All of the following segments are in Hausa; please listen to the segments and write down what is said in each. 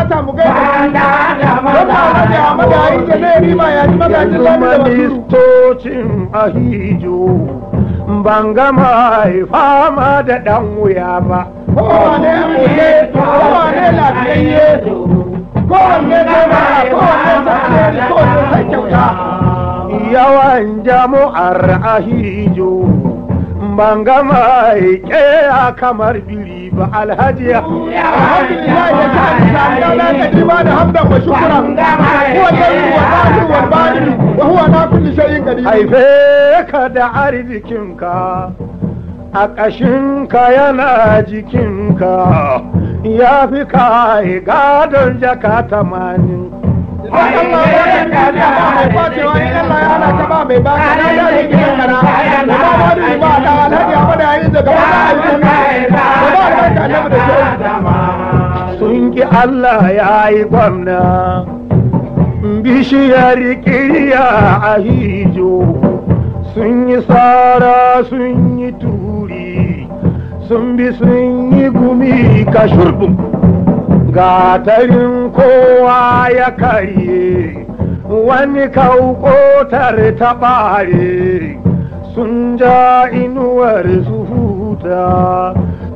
kamata mu kai wanda alhaji ahmad ya yi jane rima ya ji magajin lami da ministocin ahijo ban gama fama da dan wuya ba kowane kuɗe kowane lafiyayye kowane zama kowane zaɓe kowane sai kyauta yawan jama'ar ahijo in ban gama ke a kamar biri ba alhajiya alhamdulillah ya ta ta ta ta ba da hamdan wa shukura huwa dalil wa zahir wa batin wa huwa na kulli shay'in qadir haife ka da arzikinka a ƙashinka yana jikinka ya fi ka gadon jaka tamanin Allah mai ba ka da sun ki Allah ya yi gwamna bishiyar kiriya a hijo sun yi tsara sun yi turi sun bi sun yi gumi ka shurbin gatarin kowa ya karye wani kaukotar ta bare sun ja inuwar su huta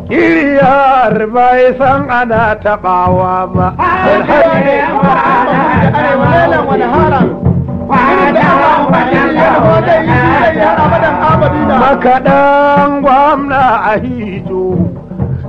kiriyar bai san ana taɓawa ba makaɗan gwamna a hito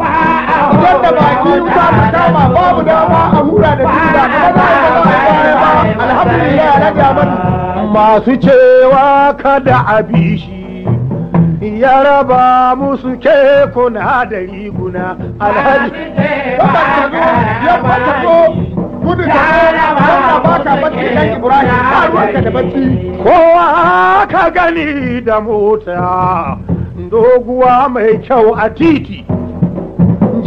Idan da baki wuta ta kama babu dama a hura da da, kuma za a baya ba alhamdulillah na jaman. Masu cewa kada a bishi ya raba musu kekuna da riguna alhaji. Ya fata zo gudu da wanda ba ka bacci dan Ibrahim ba ruwanka da bacci. Kowa ka gani da mota doguwa mai kyau a titi.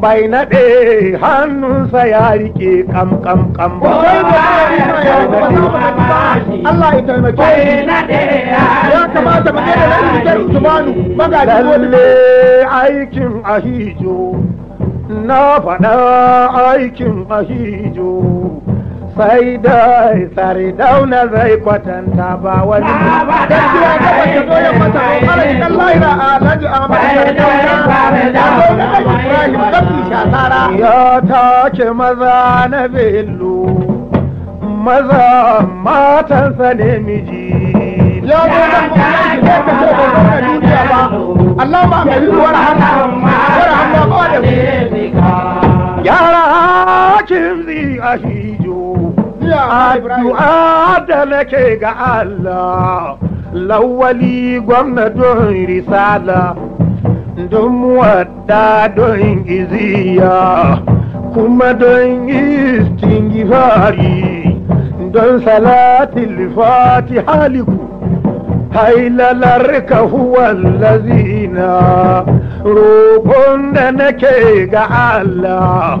bai naɗe hannunsa ya rike kam kam kam ba Allah ya taimake ya kamata mu ga da rigar Usmanu magaji lalle aikin ahijo na faɗa aikin ahijo sai dai tsari dauna zai kwatanta ba wani da kiya ga bace zo ya kwata laira a maza na bello maza matansa ne miji ya zo da kuma ya da ba Allah ma mai ruwar ahijo addu'a da nake ga Allah lawali gwamnatin risala don muwadda don iziya kuma don istin gifari don salatil fati haliku hailalar ka huwan lazina roƙon da nake ga Allah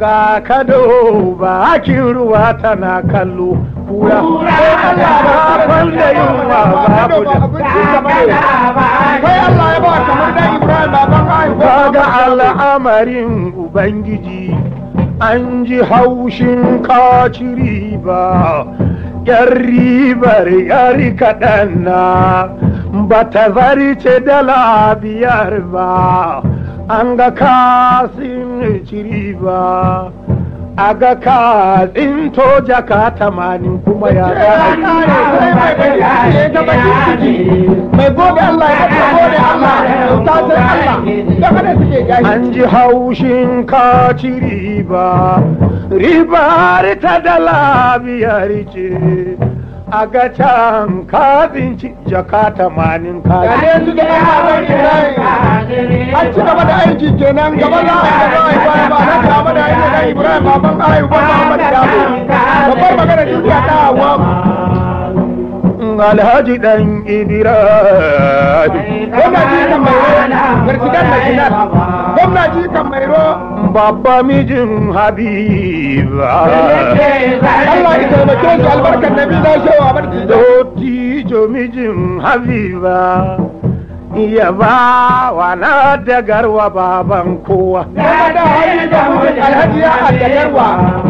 ga kado bakin ruwa tana kallo kura kafan da yunwa babu da ga al'amarin ubangiji an ji haushin kaci riba yar ribar yar kaɗan na ba ta zarce dala biyar ba an ga kasin ciri ba a ga ka tsinto jaka tamanin kuma ya mai an ji haushin ka riba ribar ta da labiyar ce a ga ka binci jaka tamanin ka ga yanzu da ya ba. kenan a ci gaba da aiki kenan gaba za a gaba ba alhaji dan ibrahim gwamnati kan mairo babba mijin habiba Allah ya taimake su albarkar nabi za shi wa barki da tijo mijin habiba iya ba wa na da garwa baban kowa alhaji ya addagarwa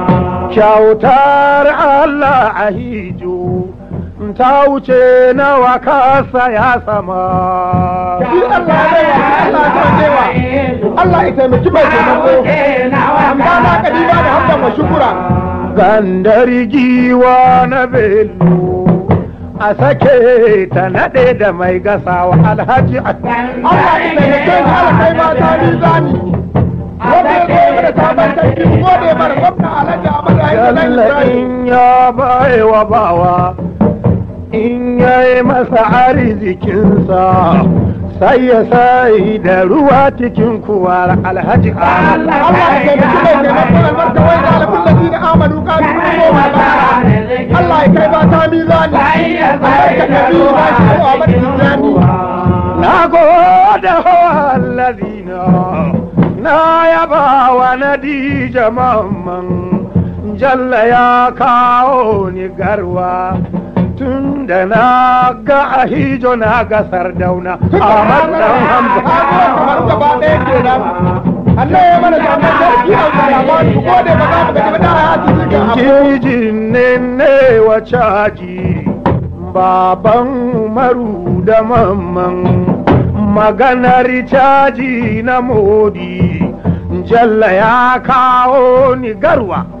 kyautar Allah a hijo ta wuce nawa ka saya sama Allah ya taimaki mai taimako kadi ba da hamdan wa shukura gandari giwa na bello a sake ta naɗe da mai gasawa alhaji a Allah ya taimake ni ala kai mata ni zani wanda ya zo mana sabon sarki gode mara gwamna alhaji jalla in ya bai wa bawa in ya yi masa arzikinsa sai ya sai da ruwa cikin kuwar alhaji Allah ya kai da kuma da wai da alfullahi da amanu ka Allah ya kai ba ta mizani Allah ya kai ba shi ko abin mizani na goda alladina na yaba wa nadija mamman jalla ya kawo ni garwa tun da na ga ahijo na ga dauna a matan hamza ne ne wa caji baban Umaru da mamman maganar caji na modi jalla ya kawo ni garwa.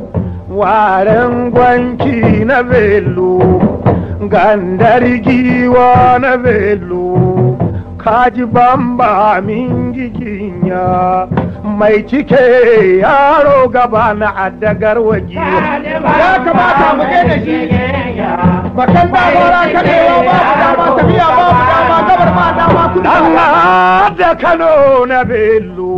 waren gwanci na bello gandar giwa na bello kaji bamba mingi jinya mai cike yaro gaba na addagar waje ya kamata mu da shi bakan da bara kadewa ba ku dama tafiya ba ku dama gabar ma dama ku dama da Kano na bello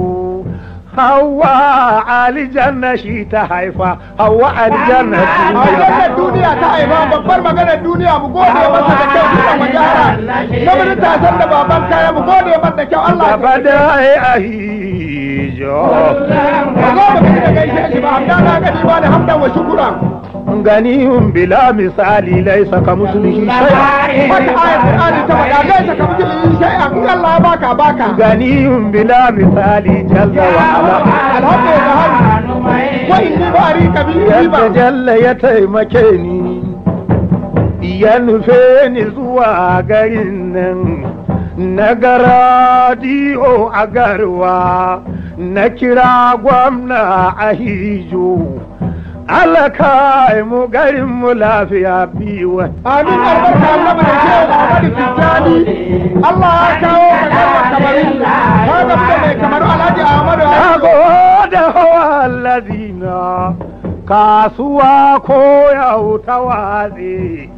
hawa aljanna shi ta haifa hawa aljanna shi ta haifa duniya ta haifa babbar magana duniya mu gode masa da kyau na mun tasan baban kaya mu gode masa da kyau Allah ya bada ai dattijo ganiyun bila misali laisa ka musulmi shay'a wata ayar Qur'ani ta faɗa laisa ka musulmi shay'a kun Allah baka baka ganiyun bila misali jalla wa ala alhamdulillah wa inni bari kabiri ba jalla ya taimake ni ya nufe ni zuwa garin nan na garadiyo a garwa na kira gwamna a hijo alaka mu garin mu lafiya biwa amin albarka Allah mai ke Muhammadu Tijjani Allah ya kawo kamar kamarin ka da mai kamaru Alhaji Ahmadu go da hawalladina kasuwa ko yau tawazi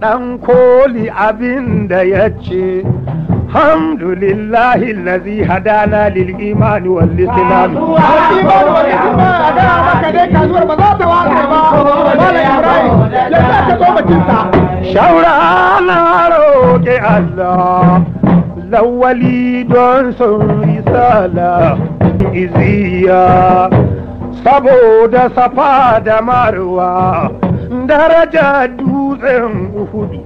dan koli abin da yace الحمد لله الذي هدانا للإيمان والإسلام الإيمان والإسلام هدانا كذلك أزور بذات roƙe Allah lawali don sun risala saboda safa da marwa daraja dutsen uhudu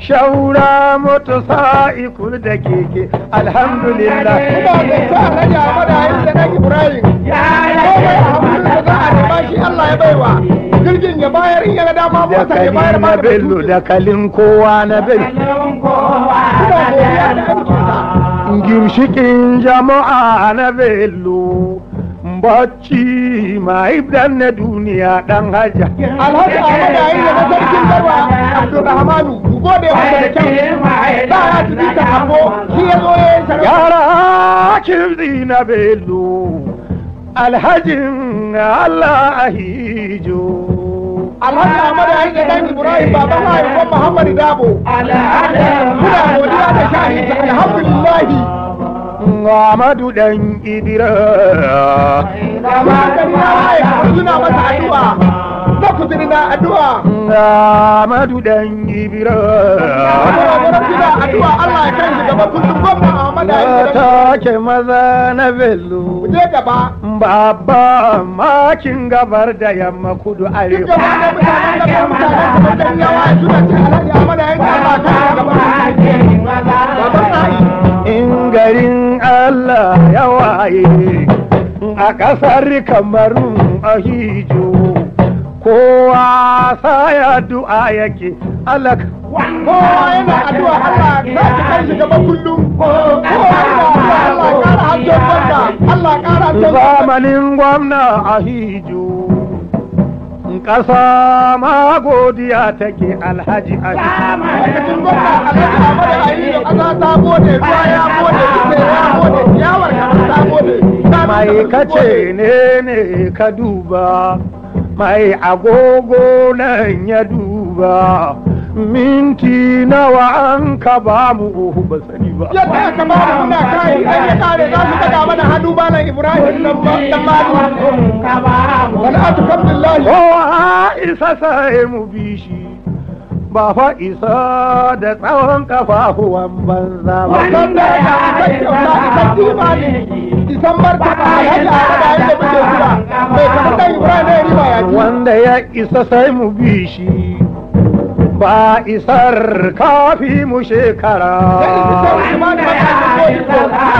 shaura moto sa'iku da keke alhamdulillah kuma da sa na ja mada inda na ibrahim komai a hamdu da za a nema shi allah ya baiwa jirgin ya bayar in yana dama mota ya bayar ba da bello da kalin kowa na bello gimshikin jama'a na bello bacci ma ibdan na duniya dan haja alhaji da ayi da sarkin garwa abdulrahmanu gode wa da kyau ba ya tuki ta hako shi ya zo ya yi sarau yara kibzi na bello alhajin Allah ahijo Alhaji Ahmadu Haike Dan Ibrahim Baban Haifon Muhammad Dabo. Muna godiya da shahidi alhamdulillahi. Muhammadu Dan Idira. Gama kan ya haifa suna mata addu'a. ta kudiri na addu'a Amadu dan Ibira Ahmadu dan addu'a Allah ya kai gaba kullum a Ahmadu ya take maza na bello je gaba babba makin gabar da yamma kudu arewa duk gaba da mutanen da mutanen da yawa suna ce Alhaji Ahmadu ya kai ba ta gaba in garin Allah ya waye a ƙasar kamaru a hijo kowa saya du'a yake Allah kowa yana addu'a Allah za ki kai shi gaba kullum kowa yana addu'a Allah kara banda Allah kara banda zamanin gwamna a hijo ma godiya take alhaji a cikin gwamna alhaji a yi ƙasa ta gode ruwa ya gode ya gode ta gode mai kace ne ne ka duba mai agogo nan ya duba minti nawa an ka ba mu ba sani ba yadda kai yi mana hannu ba ibrahim nan ba ko a isa mu bishi. ba fa isa da tsawon kafafuwan banza ba. ya haɗe ya da da bai da ya Wanda ya isa sai mu bi shi. Ba isar kafi mu shekara. isa ya haɗe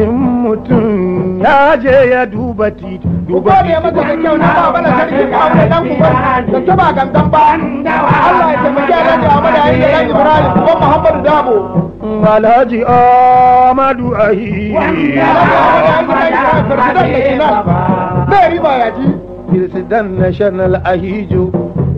in mutum ya je ya duba titi duba titi ku da kyau na ba sarki aure dan ku da ta ba ba Allah ya taimake ya amma da yayin da Ibrahim ko Muhammad Dabo Alhaji Ahmadu Ahi wanda ya ya ji National Ahijo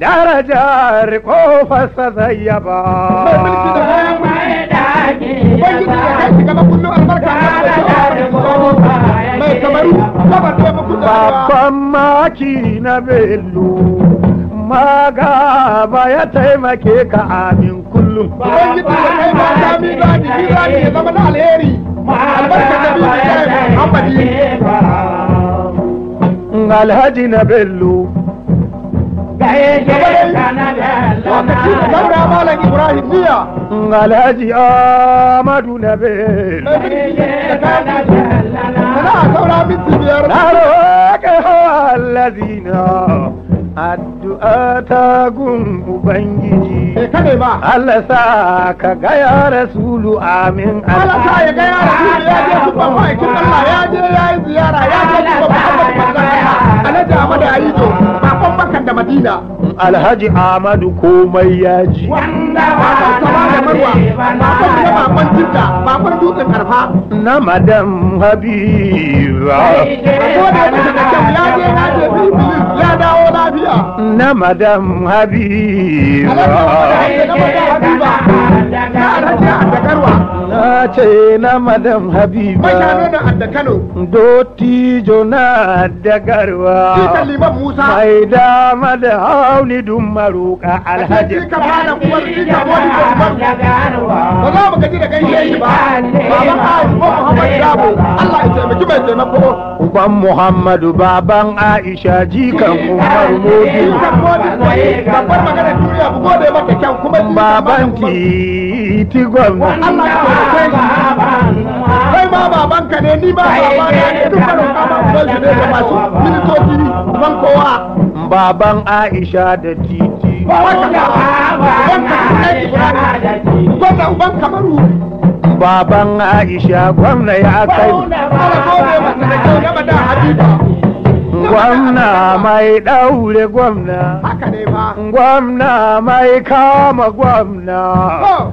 darajar kofarsa zai yaba. Mai Babban maki na bello maga ba ya taimake ka amin kullum. Ubangiji ya kai ba. ta mi ya zama na alheri. Albarka ta Alhaji na bello Daura Malam Ibrahim Niya. Alhaji Amadu Nabe. Sana saura minti biyar. Na roƙe hawa allazina. addu'a ta gun ubangiji Allah sa ka ga ya rasulu amin Allah sa ya ga ya rasulu ya je su ban ma'aikin Allah ya je ya yi ziyara ya je su ban Muhammad manzon Allah Alhaji Ahmadu Ayijo bakon bakan da Madina Alhaji Ahmadu komai ya ji wanda ba ta ba da marwa bakon da bakon jinta bakon dutsen karfa na madam habiba ko da ta ta ya je na je ya dawo lafiya na madam habiba na alhaji a takarwa na ce na madam habiba dotijo na adda kano dottijo na adda garwa musa mai dama da hauni dun maruka alhaji wani babban ba za mu gaji da ba baban ko muhammad allah ya taimaki mai taimako uban muhammadu baban aisha jikan umar modi babbar magana duniya gode maka kyan titi gwamna kai ma baban ka ne ni ma baban ne duk ba roƙa ma shi ne da masu minitoci ban kowa baban Aisha da titi gwamna uban kamaru baban Aisha gwamna ya kai gwamna mai ɗaure gwamna gwamna mai kama gwamna oh.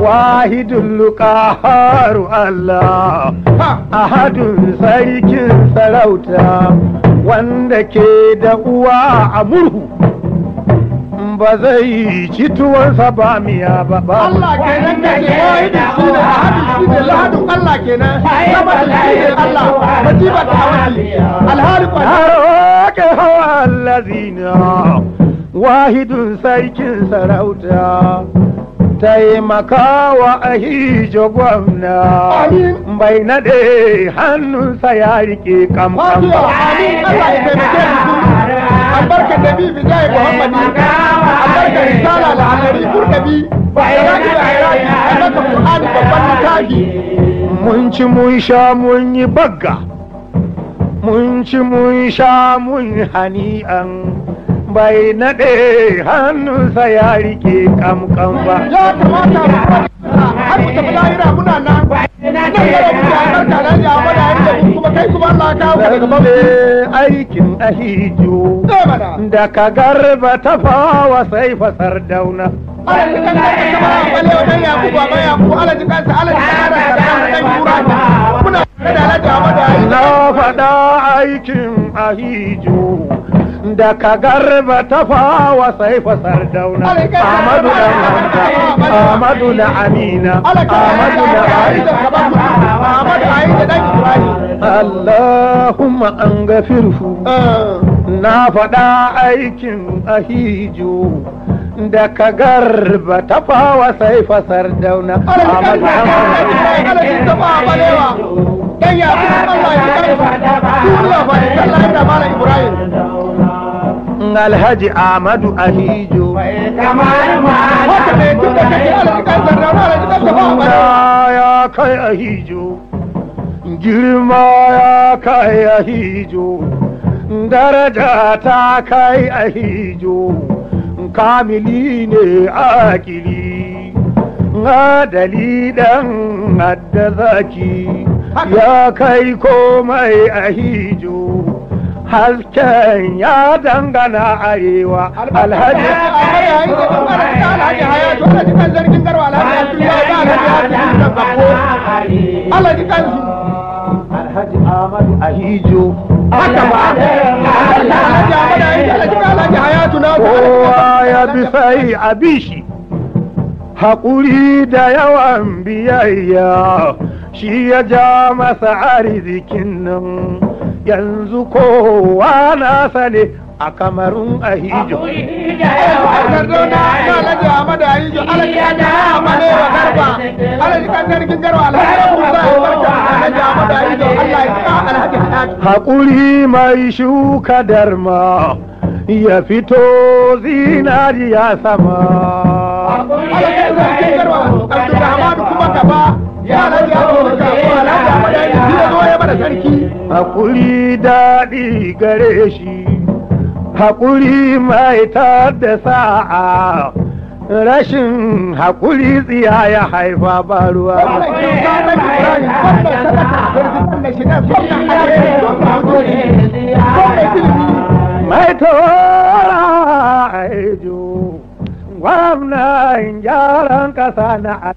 واحد القهار الله Wanda سيك da uwa a أمره ba zai ci tuwonsa ba miya ba ba. Allah kenan da ke wai da shi da hadu shi da lahadun Allah kenan. Sama da Allah ba ji ba ta wani. kwa. hawa allazina wahidun sarkin sarauta. taimakawa a hijo gwamna bai naɗe hannunsa ya rike kamkam ba. albarka da bi bi zai muhammadi albarka risala da hanari kurdabi ba a iraki da iraki albarka kur'ani babban littafi mun ci mun sha mun yi bagga mun ci mun sha mun hani'an bai naɗe hannunsa ya rike kamkan ba. Ya kamata har ku tafi lahira muna nan. Nan gara mu jakar tare da amana da mun kuma kai kuma Allah ka wuce daga babu. aikin ahijo. Da ka garba ta fawa sai fasar dauna. Alaji kan da ka saba a bale wa dan yaku ba mai yaku alaji kan sa alaji kan da ka saba dan kura. Muna da alaji amana. Na faɗa aikin ahijo. da ka garba ta fawa sai fasar dauna Amadu da Hamza Amadu da Amina Amadu da Aisha Amadu Aisha dan Ibrahim Allahumma an gafirhu na faɗa aikin ahijo da ka garba ta fawa sai fasar dauna Amadu Hamza Amina ya fi Allah ya karfa duniya ba da Allah da Malam Ibrahim alhaji amadu ahijo haka ya kai ahijo girma ya kai ahijo daraja ta kai ahijo kamili ne akili adali dan adda zaki ya kai komai ahijo hasken ya dangana arewa alhaji alhaji Ahmadu Ahijo alhaji ba kowa ya bi sai a bishi haƙuri da yawan biyayya shi ya ja masa arzikin nan yanzu kowa na sane a kamarun a hijo. Haƙuri mai shuka darma ya fito zinariya sama. Hakuri mai shuka darma ya fito zinariya sama. haƙuri daɗi gare shi haƙuri mai da sa'a rashin haƙuri tsiya ya haifa ba ruwa mai tora aiju gwamnan gyaran ƙasa na